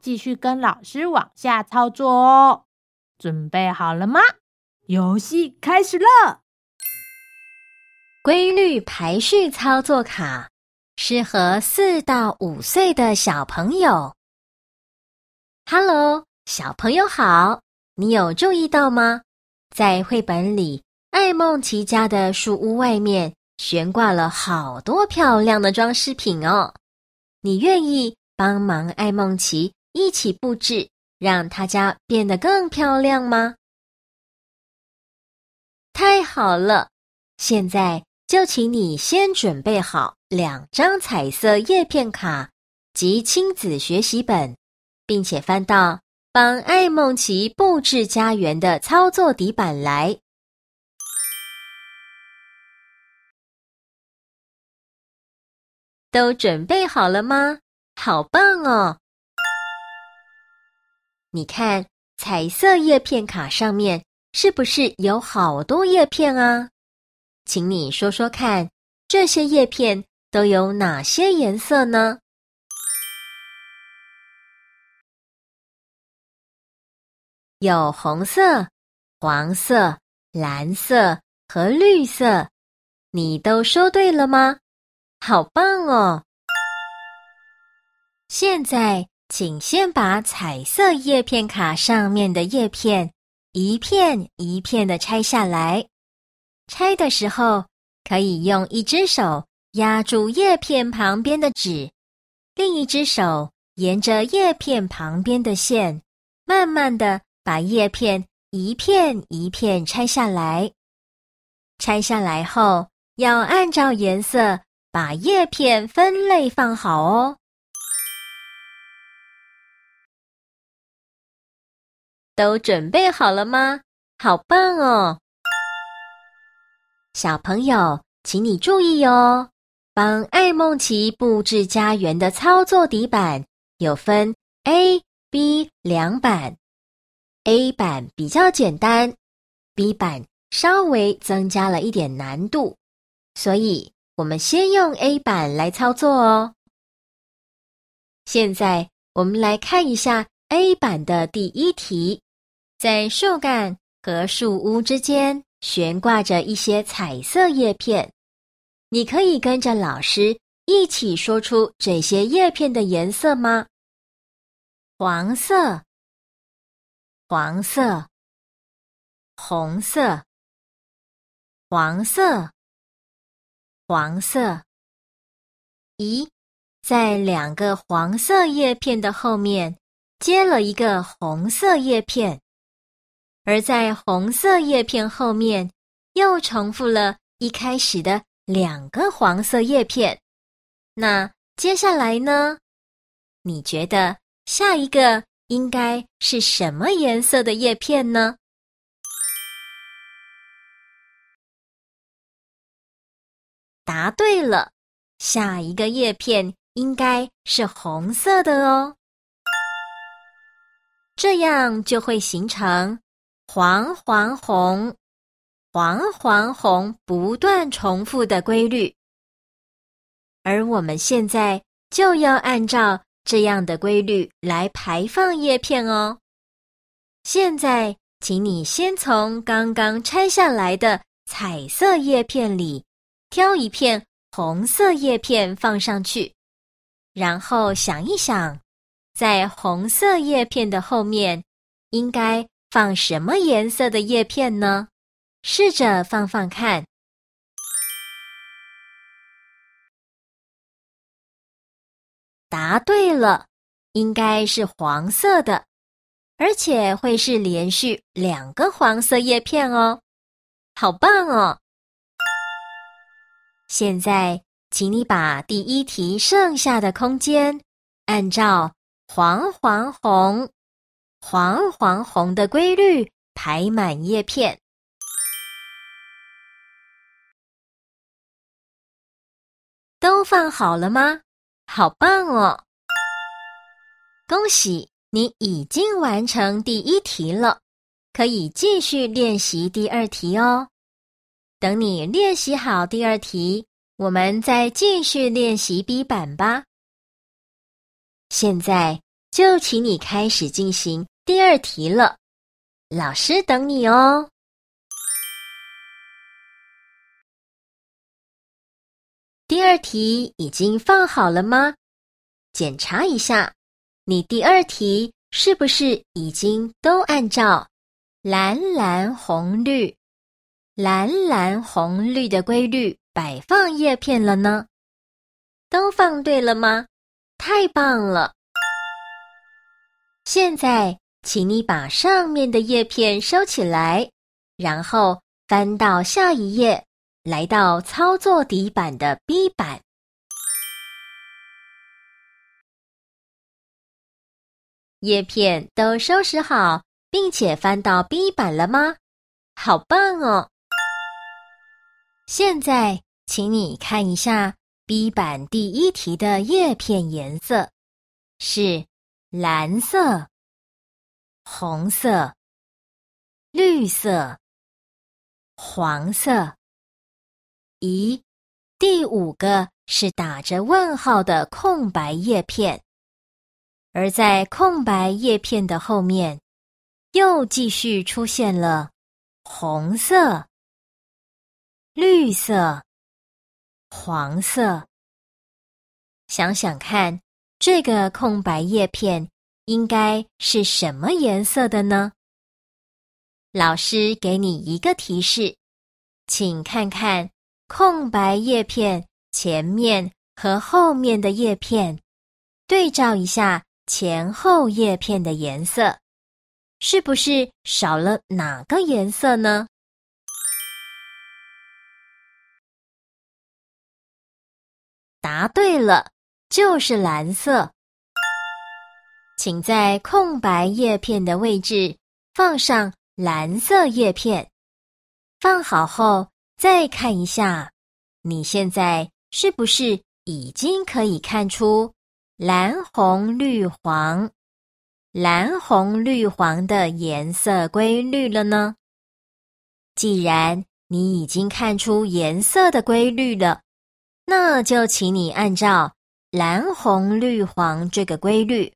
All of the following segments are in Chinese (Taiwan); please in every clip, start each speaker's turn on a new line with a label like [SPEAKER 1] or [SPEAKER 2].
[SPEAKER 1] 繼續跟老師往下操作哦，準備好了嗎？遊戲開始了。規律排序操作卡適合四到五歲的小朋友。Hello，小朋友好，你有注意到嗎？在繪本裡，愛孟奇家的樹屋外面懸掛了好多漂亮的裝飾品哦。你願意幫忙愛孟奇一起佈置，讓他家變得更漂亮嗎？太好了！現在就請你先準備好兩張彩色葉片卡及親子學習本，並且翻到幫愛孟奇佈置家園的
[SPEAKER 2] 操作底板來。都準備好了嗎？好棒哦！你看，彩色葉片卡上
[SPEAKER 1] 面是不是有好多葉片啊？請你說說看，
[SPEAKER 2] 這些葉片都有哪些顏色呢？有紅色、黃色、藍色和綠色。你都說
[SPEAKER 1] 對了嗎？好棒哦！現在，請先把彩色葉片卡上面的葉片一片一片的拆下來。拆的時候可以用一只手壓住葉片旁邊的紙，另一只手沿着葉片旁邊的線，慢慢的把葉片一片一片拆下來。拆下來後，要按照
[SPEAKER 2] 顏色把葉片分類放好哦。都準備好了嗎？好棒哦！小朋友，請你注
[SPEAKER 1] 意哦，幫愛孟奇布置家園的操作底板有分 A、B 兩版，A 版比較簡單，B 版稍微增加了一點難度，所以我們先用 A 版來操作哦。現在我們來看一下 A 版的第一題。在樹幹和樹屋之間懸掛着一些彩色葉片，
[SPEAKER 2] 你可以跟着老師一起說出這些葉片的顏色嗎？黃色，黃色，紅色，黃色，黃色。咦，在兩個黃色葉
[SPEAKER 1] 片的後面接了一個紅色葉片。而在紅色葉片後面，又重複了一開始的兩個黃色葉片。那接下來呢？你覺
[SPEAKER 2] 得下一個應該是什麼顏色的葉片呢？答對了，下一個葉片應該是紅色的哦。
[SPEAKER 1] 這樣就會形成。黃黃紅，黃黃紅不斷重複的規律。而我們現在就要按照這樣的規律來排放葉片哦。現在，請你先從剛剛拆下來的彩色葉片裡挑一片紅色葉片放上去，然後想一想，在紅色葉片的後面應該。放什麼顏色
[SPEAKER 2] 的葉片呢？試着放放看。答對了，應該是黃色的，而且會是連續兩個
[SPEAKER 1] 黃色葉片哦。好棒哦！現在，請你把第一題剩下的空間按照
[SPEAKER 2] 黃黃紅。黃黃紅的規律排滿葉片，都放好了嗎？好棒哦！
[SPEAKER 1] 恭喜你已經完成第一題了，可以繼續練習第二題哦。等你練習好第二題，我們再繼續練習 B 版吧。現在。
[SPEAKER 2] 就請你開始進行第二題了，老師等你哦。第二題已經放好了嗎？檢查一下，
[SPEAKER 1] 你第二題是不是已經都按照藍藍紅綠、藍藍紅綠的規律擺放葉片了呢？都放對了嗎？太棒了！現在，請你把上面的葉片收起來，
[SPEAKER 2] 然後翻到下一頁，來到操作底板的 B 板。葉片都收拾好，並且翻到 B 板了嗎？
[SPEAKER 1] 好棒哦！現在，請你
[SPEAKER 2] 看一下 B 板第一題的葉片顏色是。藍色、紅色、綠色、黃色，咦，第五個是打着問號的空白葉片，而在空白葉片的後面，又繼續出現了紅色、綠色、黃色。想想看。這個空白葉
[SPEAKER 1] 片應該是什麼顏色的呢？老師給你一個提示，請看看空白葉片前面和後面的葉片，對照一下
[SPEAKER 2] 前後葉片的顏色，是不是少了哪個顏色呢？答對了。就是藍色，
[SPEAKER 1] 請在空白葉片的位置放上藍色葉片。放好後，再看一下，你現在是不是已經可以看出藍紅綠黃、藍紅綠黃的顏色規律了呢？既然你已經看出顏色的規律了，那就請你按照。藍紅綠黃這個規律，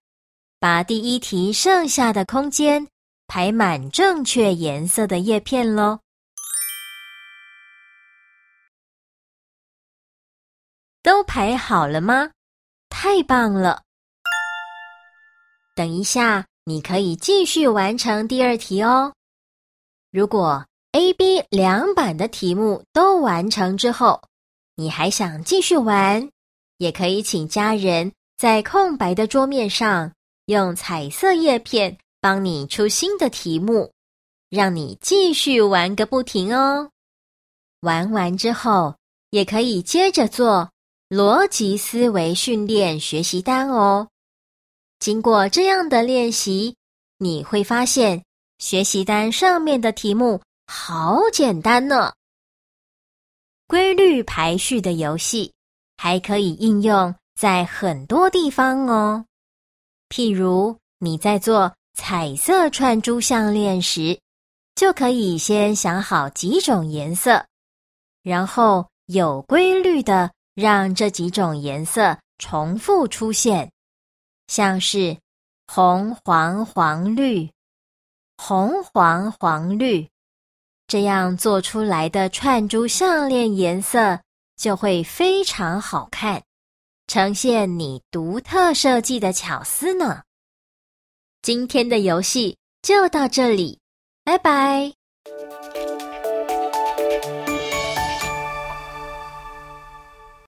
[SPEAKER 1] 把第一題剩下的空間排滿正確顏色的
[SPEAKER 2] 葉片嘍。都排好了嗎？太棒了！
[SPEAKER 1] 等一下，你可以繼續完成第二題哦。如果 AB 兩版的題目都完成之後，你還想繼續玩，也可以請家人在空白的桌面上用彩色葉片幫你出新的題目，讓你繼續玩個不停哦。玩完之後，也可以接着做邏輯思維訓練學習單哦。經過這樣的練習，你會發現學習單上面的題目好簡單呢。規律排序的遊戲。還可以應用在很多地方哦。譬如你在做彩色串珠項鏈時就可以先想好幾種顏色，然後有規律的讓這幾種顏色重複出現，像是紅黃黃綠、紅黃黃綠，這樣做出來的串珠項鏈顏色。就會非常好看，呈現你獨特設計的巧思呢。今天的遊戲就到這裡，拜拜。